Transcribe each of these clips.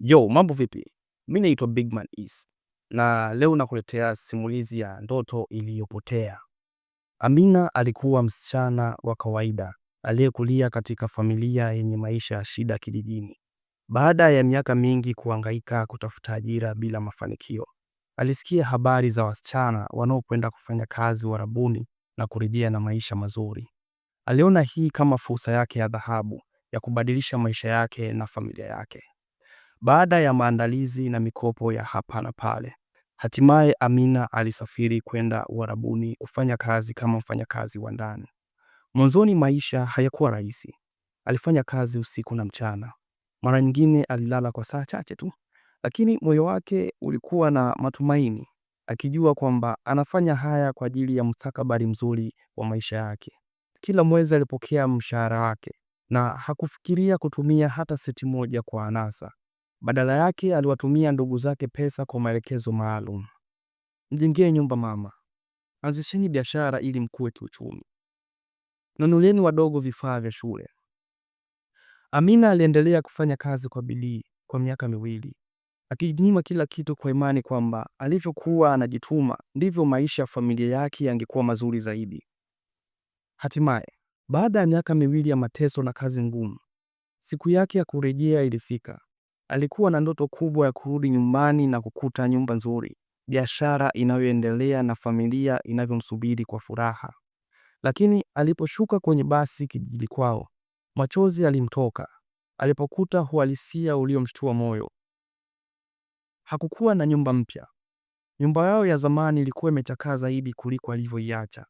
Yo, mambo vipi? Mi naitwa Bigman Is na leo nakuletea simulizi ya ndoto iliyopotea. Amina alikuwa msichana wa kawaida aliyekulia katika familia yenye maisha ya shida kijijini. Baada ya miaka mingi kuhangaika kutafuta ajira bila mafanikio, alisikia habari za wasichana wanaokwenda kufanya kazi warabuni na kurejea na maisha mazuri. Aliona hii kama fursa yake ya dhahabu ya kubadilisha maisha yake na familia yake. Baada ya maandalizi na mikopo ya hapa na pale, hatimaye Amina alisafiri kwenda Uarabuni kufanya kazi kama mfanyakazi wa ndani. Mwanzoni maisha hayakuwa rahisi. Alifanya kazi usiku na mchana, mara nyingine alilala kwa saa chache tu, lakini moyo wake ulikuwa na matumaini, akijua kwamba anafanya haya kwa ajili ya mustakabali mzuri wa maisha yake. Kila mwezi alipokea mshahara wake na hakufikiria kutumia hata senti moja kwa anasa. Badala yake aliwatumia ndugu zake pesa kwa maelekezo maalum: mjengee nyumba mama, anzisheni biashara ili mkue kiuchumi, nunulieni wadogo vifaa vya shule. Amina aliendelea kufanya kazi kwa bidii kwa miaka miwili, akijinyima kila kitu kwa imani kwamba alivyokuwa anajituma ndivyo maisha ya familia yake yangekuwa mazuri zaidi. Hatimaye, baada ya miaka miwili ya mateso na kazi ngumu, siku yake ya kurejea ilifika. Alikuwa na ndoto kubwa ya kurudi nyumbani na kukuta nyumba nzuri, biashara inayoendelea na familia inavyomsubiri kwa furaha. Lakini aliposhuka kwenye basi kijijini kwao, machozi alimtoka alipokuta uhalisia uliomshtua moyo. Hakukuwa na nyumba mpya. Nyumba yao ya zamani ilikuwa imechakaa zaidi kuliko alivyoiacha.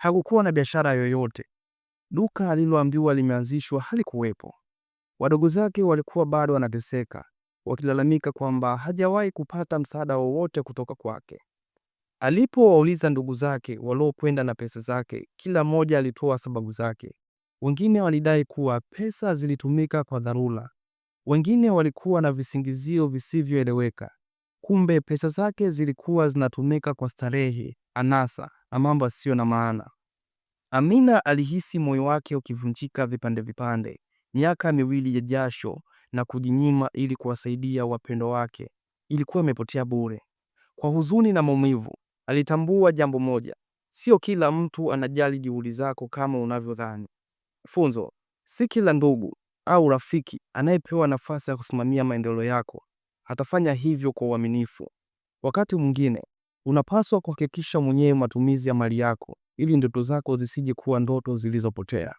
Hakukuwa na biashara yoyote. Duka aliloambiwa limeanzishwa halikuwepo. Wadogo zake walikuwa bado wanateseka, wakilalamika kwamba hajawahi kupata msaada wowote kutoka kwake. Alipowauliza ndugu zake waliokwenda na pesa zake, kila mmoja alitoa sababu zake. Wengine walidai kuwa pesa zilitumika kwa dharura, wengine walikuwa na visingizio visivyoeleweka. Kumbe pesa zake zilikuwa zinatumika kwa starehe, anasa na mambo asiyo na maana. Amina alihisi moyo wake ukivunjika vipande vipande miaka miwili ya jasho na kujinyima ili kuwasaidia wapendo wake ilikuwa imepotea bure. Kwa huzuni na maumivu, alitambua jambo moja: sio kila mtu anajali juhudi zako kama unavyodhani. Funzo: si kila ndugu au rafiki anayepewa nafasi ya kusimamia maendeleo yako atafanya hivyo kwa uaminifu. Wakati mwingine unapaswa kuhakikisha mwenyewe matumizi ya mali yako ili ndoto zako zisije kuwa ndoto zilizopotea.